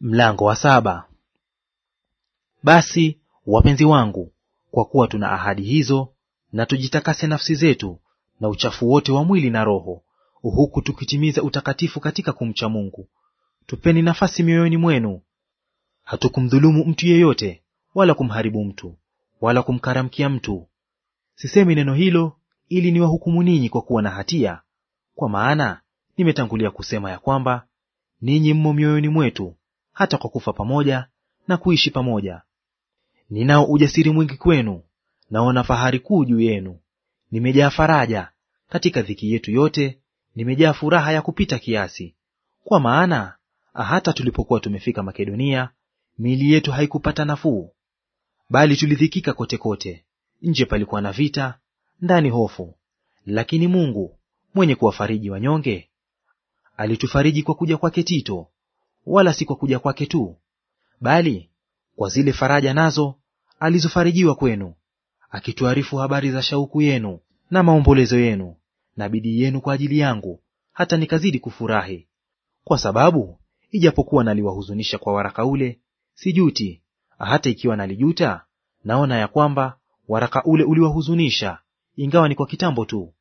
Mlango wa saba. Basi wapenzi wangu, kwa kuwa tuna ahadi hizo, na tujitakase nafsi zetu na uchafu wote wa mwili na roho, huku tukitimiza utakatifu katika kumcha Mungu. Tupeni nafasi mioyoni mwenu. Hatukumdhulumu mtu yeyote, wala kumharibu mtu, wala kumkaramkia mtu. Sisemi neno hilo ili niwahukumu ninyi kwa kuwa na hatia, kwa maana nimetangulia kusema ya kwamba ninyi mmo mioyoni mwetu hata kwa kufa pamoja na kuishi pamoja. Ninao ujasiri mwingi kwenu, naona fahari kuu juu yenu. Nimejaa faraja katika dhiki yetu yote, nimejaa furaha ya kupita kiasi. Kwa maana hata tulipokuwa tumefika Makedonia, miili yetu haikupata nafuu, bali tulidhikika kote kote. Nje palikuwa na vita, ndani hofu. Lakini Mungu mwenye kuwafariji wanyonge alitufariji kwa kuja kwake Tito, wala si kwa kuja kwake tu, bali kwa zile faraja nazo alizofarijiwa kwenu, akituarifu habari za shauku yenu na maombolezo yenu na bidii yenu kwa ajili yangu, hata nikazidi kufurahi. Kwa sababu ijapokuwa naliwahuzunisha kwa waraka ule, sijuti; hata ikiwa nalijuta, naona ya kwamba waraka ule uliwahuzunisha, ingawa ni kwa kitambo tu.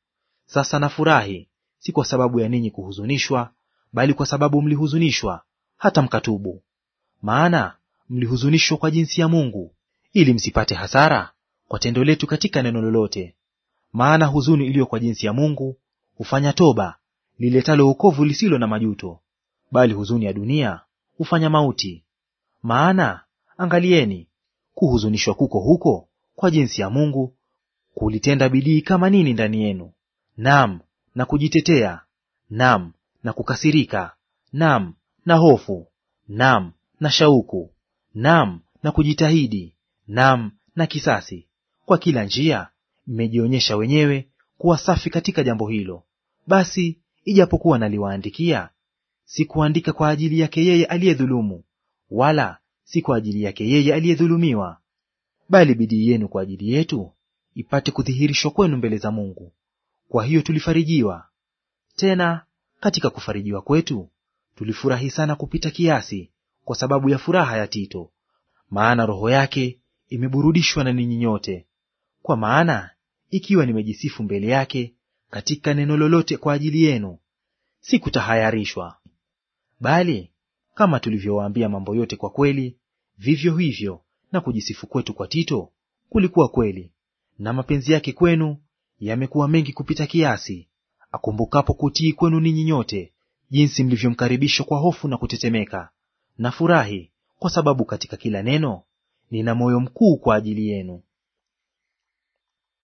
Sasa nafurahi, si kwa sababu ya ninyi kuhuzunishwa, bali kwa sababu mlihuzunishwa, hata mkatubu. Maana mlihuzunishwa kwa jinsi ya Mungu, ili msipate hasara kwa tendo letu katika neno lolote. Maana huzuni iliyo kwa jinsi ya Mungu hufanya toba, liletalo wokovu lisilo na majuto, bali huzuni ya dunia hufanya mauti. Maana angalieni, kuhuzunishwa kuko huko kwa jinsi ya Mungu kulitenda bidii kama nini ndani yenu, nam na kujitetea, nam na kukasirika, naam, na hofu, naam na shauku, naam na kujitahidi, naam na kisasi. Kwa kila njia mmejionyesha wenyewe kuwa safi katika jambo hilo. Basi ijapokuwa naliwaandikia, sikuandika kwa ajili yake yeye aliyedhulumu, wala si kwa ajili yake yeye aliyedhulumiwa, bali bidii yenu kwa ajili yetu ipate kudhihirishwa kwenu mbele za Mungu. Kwa hiyo tulifarijiwa. Tena katika kufarijiwa kwetu Tulifurahi sana kupita kiasi kwa sababu ya furaha ya Tito, maana roho yake imeburudishwa na ninyi nyote. Kwa maana ikiwa nimejisifu mbele yake katika neno lolote kwa ajili yenu, sikutahayarishwa. Bali kama tulivyowaambia mambo yote kwa kweli, vivyo hivyo na kujisifu kwetu kwa Tito kulikuwa kweli, na mapenzi yake kwenu yamekuwa mengi kupita kiasi, akumbukapo kutii kwenu ninyi nyote jinsi mlivyomkaribisha kwa hofu na kutetemeka. Nafurahi kwa sababu katika kila neno nina moyo mkuu kwa ajili yenu.